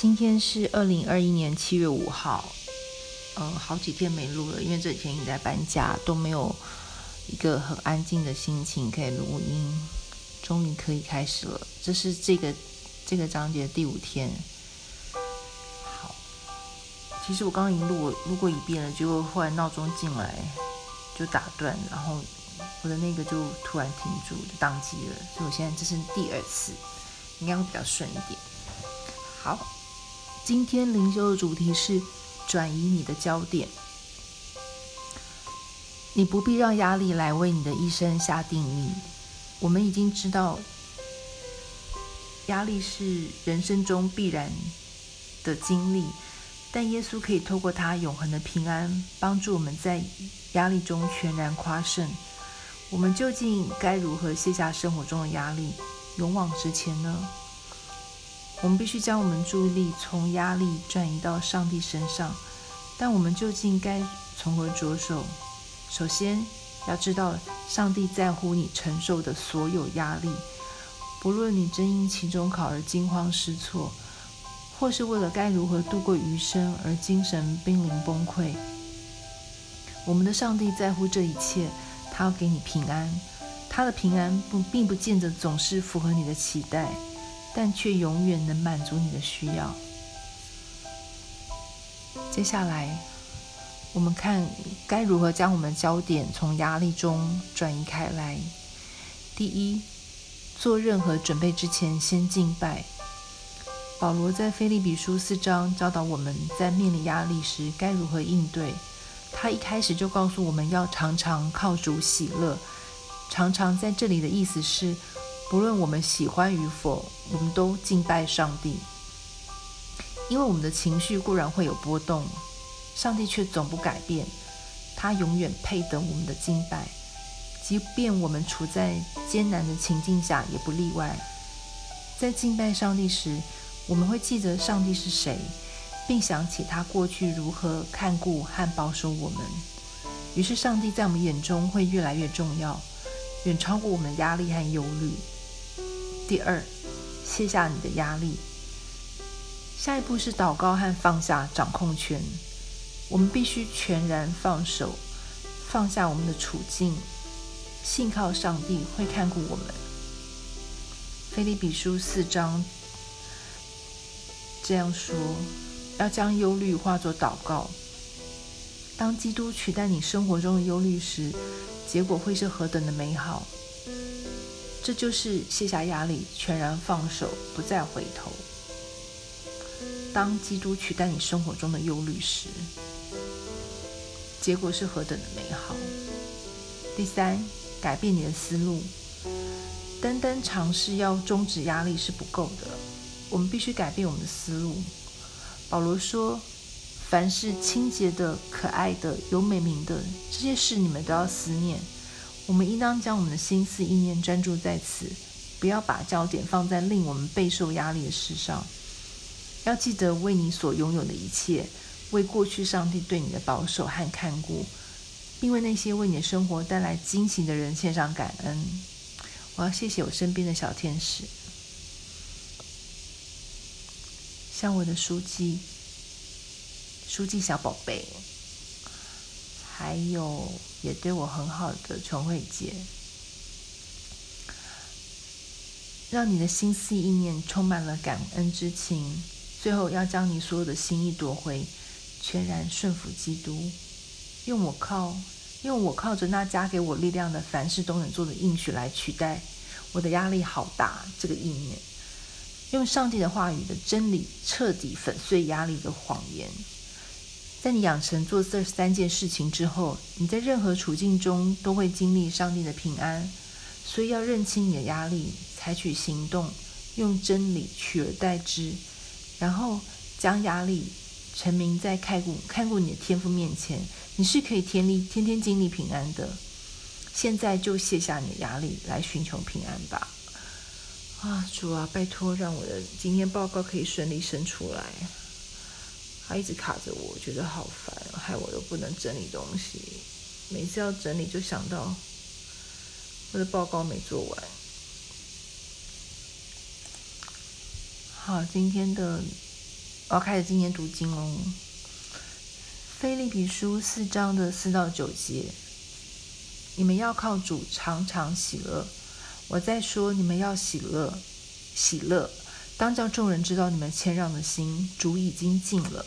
今天是二零二一年七月五號，嗯，好幾天沒錄了，因為這幾天一直在搬家，都沒有一個很安靜的心情可以錄音。終於可以開始了，這是這個這個章節的第五天。好，其實我剛剛已經錄，我錄過一遍了，結果後來鬧鐘進來就打斷，然後我的那個就突然停住，就宕機了，所以我現在這是第二次，應該會比較順一點。好。今天靈修的主題是轉移你的焦點。你不必讓壓力來為你的一生下定義。我們已經知道，壓力是人生中必然的經歷，但耶穌可以透過他永恆的平安，幫助我們在壓力中全然誇勝。我們究竟該如何卸下生活中的壓力，勇往直前呢？我們必須將我們注意力從壓力轉移到上帝身上，但我們究竟該從何着手？首先，要知道上帝在乎你承受的所有壓力，不論你正因期中考而驚慌失措，或是為了該如何度過餘生而精神瀕臨崩潰。我們的上帝在乎這一切，他要給你平安，他的平安不並不見得總是符合你的期待。但卻永遠能滿足你的需要。接下來，我們看該如何將我們的焦點從壓力中轉移開來。第一，做任何準備之前，先敬拜。保羅在腓立比書四章教導我們在面臨壓力時該如何應對。他一開始就告訴我們要常常靠主喜樂。常常在這裡的意思是。不論我們喜歡與否，我們都敬拜上帝，因為我們的情緒固然會有波動，上帝卻總不改變，他永遠配得我們的敬拜，即便我們處在艱難的情境下也不例外。在敬拜上帝時，我們會記得上帝是誰，並想起他過去如何看顧和保守我們，於是上帝在我們眼中會越來越重要，遠超過我們的壓力和憂慮。第二，卸下你的壓力。下一步是禱告和放下掌控權。我們必須全然放手，放下我們的處境，信靠上帝會看顧我們。腓立比書四章這樣說：要將憂慮化作禱告。當基督取代你生活中的憂慮時，結果會是何等的美好！這就是卸下壓力，全然放手，不再回頭。當基督取代你生活中的憂慮時，結果是何等的美好！第三，改變你的思路。單單嘗試要終止壓力是不夠的，我們必須改變我們的思路。保羅說：“凡是清潔的、可愛的、有美名的，這些事你們都要思念。”我們應當將我們的心思意念專注在此，不要把焦點放在令我們備受壓力的事上。要記得為你所擁有的一切，為過去上帝對你的保守和看顧，並為那些為你的生活帶來驚喜的人獻上感恩。我要謝謝我身邊的小天使，像我的書記，書記小寶貝。還有，也對我很好的崇慧姐，讓你的心思意念充滿了感恩之情。最後，要將你所有的心意奪回，全然順服基督。用我靠，用我靠着那加給我力量的，凡事都能做的應許來取代「我的壓力好大」這個意念。用上帝的話語的真理，徹底粉碎壓力的謊言。在你養成做這三件事情之後，你在任何處境中都會經歷上帝的平安。所以要認清你的壓力，採取行動，用真理取而代之，然後將壓力陳明在看顧、看顧你的天父面前，你是可以天力天天經歷平安的。現在就卸下你的壓力，來尋求平安吧。啊主啊，拜託讓我的今天報告可以順利生出來。他一直卡着我，我覺得好煩，害我都不能整理東西。每次要整理，就想到我的報告沒做完。好，今天的我要開始今年讀經咯、哦。腓立比書四章的四到九節，你們要靠主常常喜樂。我再說，你們要喜樂，喜樂。當叫眾人知道你們謙讓的心，主已經近了。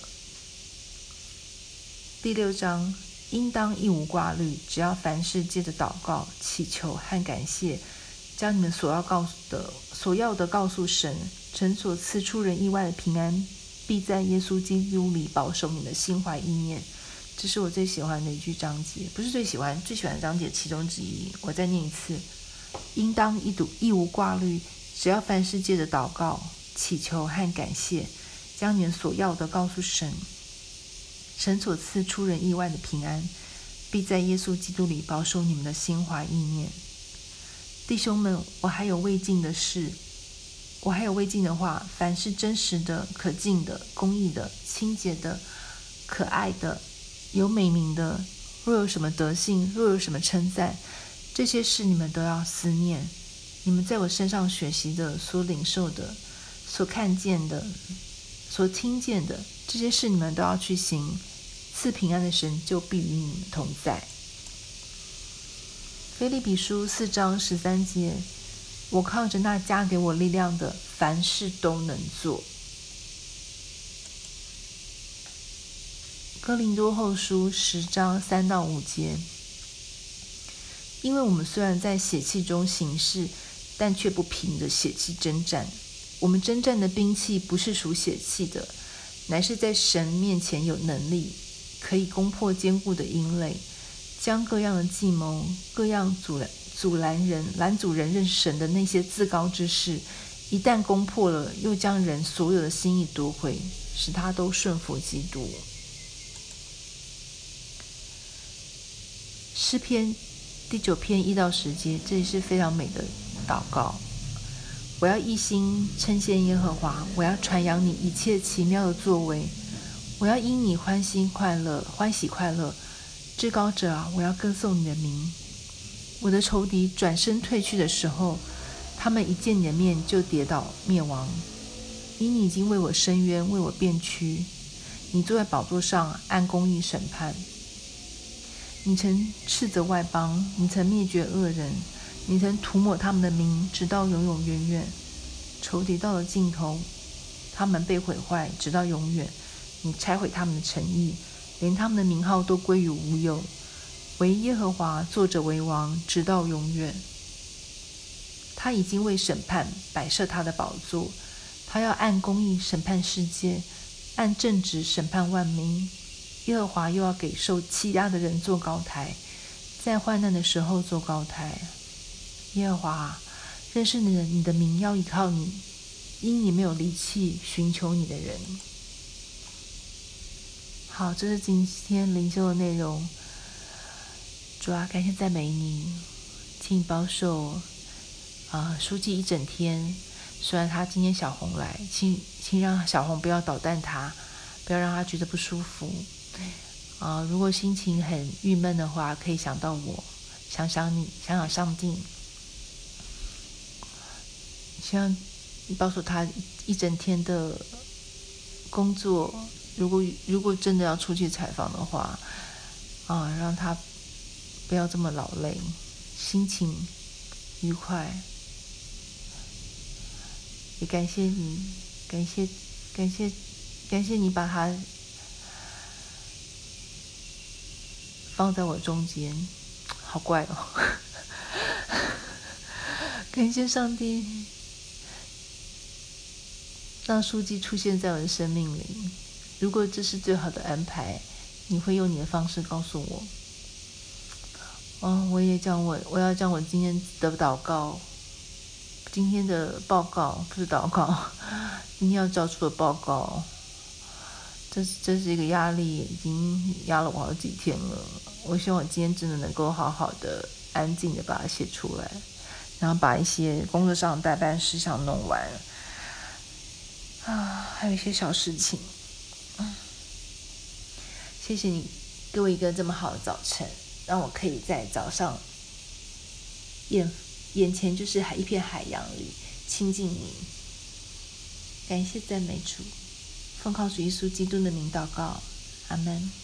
第六章，應當一無掛慮，只要凡事借著禱告、祈求和感謝，將你們所要告訴的、所要的告訴神，神所賜出人意外的平安，必在耶穌基督裡保守你們的心懷意念。這是我最喜歡的一句章節，不是最喜歡，最喜歡的章節其中之一。我再念一次：應當一堵一無掛慮，只要凡事借著禱告、祈求和感謝，將你們所要的告訴神。神所賜出人意外的平安，必在耶穌基督裡保守你們的心懷意念。弟兄們，我還有未盡的事，我還有未盡的話。凡是真實的、可敬的、公義的、清潔的、可愛的、有美名的，若有什麼德性，若有什麼稱讚，這些事你們都要思念。你們在我身上學習的，所領受的，所看見的。所聽見的這些事，你們都要去行。賜平安的神就必與你們同在。腓立比書四章十三節：我靠着那加給我力量的，凡事都能做。哥林多後書十章三到五節：因為我們雖然在血氣中行事，但卻不憑着血氣爭戰。我們征戰的兵器不是屬血氣的，乃是在神面前有能力，可以攻破堅固的營壘。將各樣的計謀、各樣阻攔阻攔人、攔阻人認神的那些自高之事，一旦攻破了，又將人所有的心意奪回，使他都順服基督。詩篇第九篇一到十節，這也是非常美的禱告。我要一心稱謝耶和華，我要傳揚你一切奇妙的作為。我要因你歡欣快樂，歡喜快樂。至高者啊，我要歌頌你的名。我的仇敵轉身退去的時候，他們一見你的面就跌倒滅亡。因你已經為我伸冤，為我辨屈。你坐在寶座上按公義審判。你曾斥責外邦，你曾滅絕惡人。你曾塗抹他們的名，直到永永遠遠；仇敵到了盡頭，他們被毀壞，直到永遠。你拆毀他們的城邑，連他們的名號都歸於無有。唯耶和華坐著為王，直到永遠。他已經為審判擺設他的寶座，他要按公義審判世界，按正直審判萬民。耶和華又要給受欺壓的人作高台，在患難的時候作高台。耶和華，認識你的你的名要依靠你，因你沒有離棄尋求你的人。好，這是今天靈修的內容。主啊，感謝讚美你，請你保守啊、呃、書記一整天。雖然他今天小紅來，請請讓小紅不要搗蛋他，不要讓他覺得不舒服。啊、呃，如果心情很鬱悶的話，可以想到我，想想你，想想上帝。像你告訴他一整天的工作，如果如果真的要出去採訪的話，啊、嗯，讓他不要這麼勞累，心情愉快。也感謝你，感謝感謝感謝你把他放在我中間，好怪哦！ 感謝上帝。讓書記出現在我的生命裡。如果這是最好的安排，你會用你的方式告訴我。嗯、哦，我也講我，我要講我今天的禱告，今天的報告不是禱告，今天要交出的報告。這是這是一個壓力，已經壓了我好幾天了。我希望我今天真的能夠好好的、安靜的把它寫出來，然後把一些工作上的待辦事項弄完。啊，還有一些小事情。嗯，謝謝你給我一個這麼好的早晨，讓我可以在早上眼眼前就是海，一片海洋裡親近你。感謝讚美主，奉靠主耶穌基督的名禱告，阿門。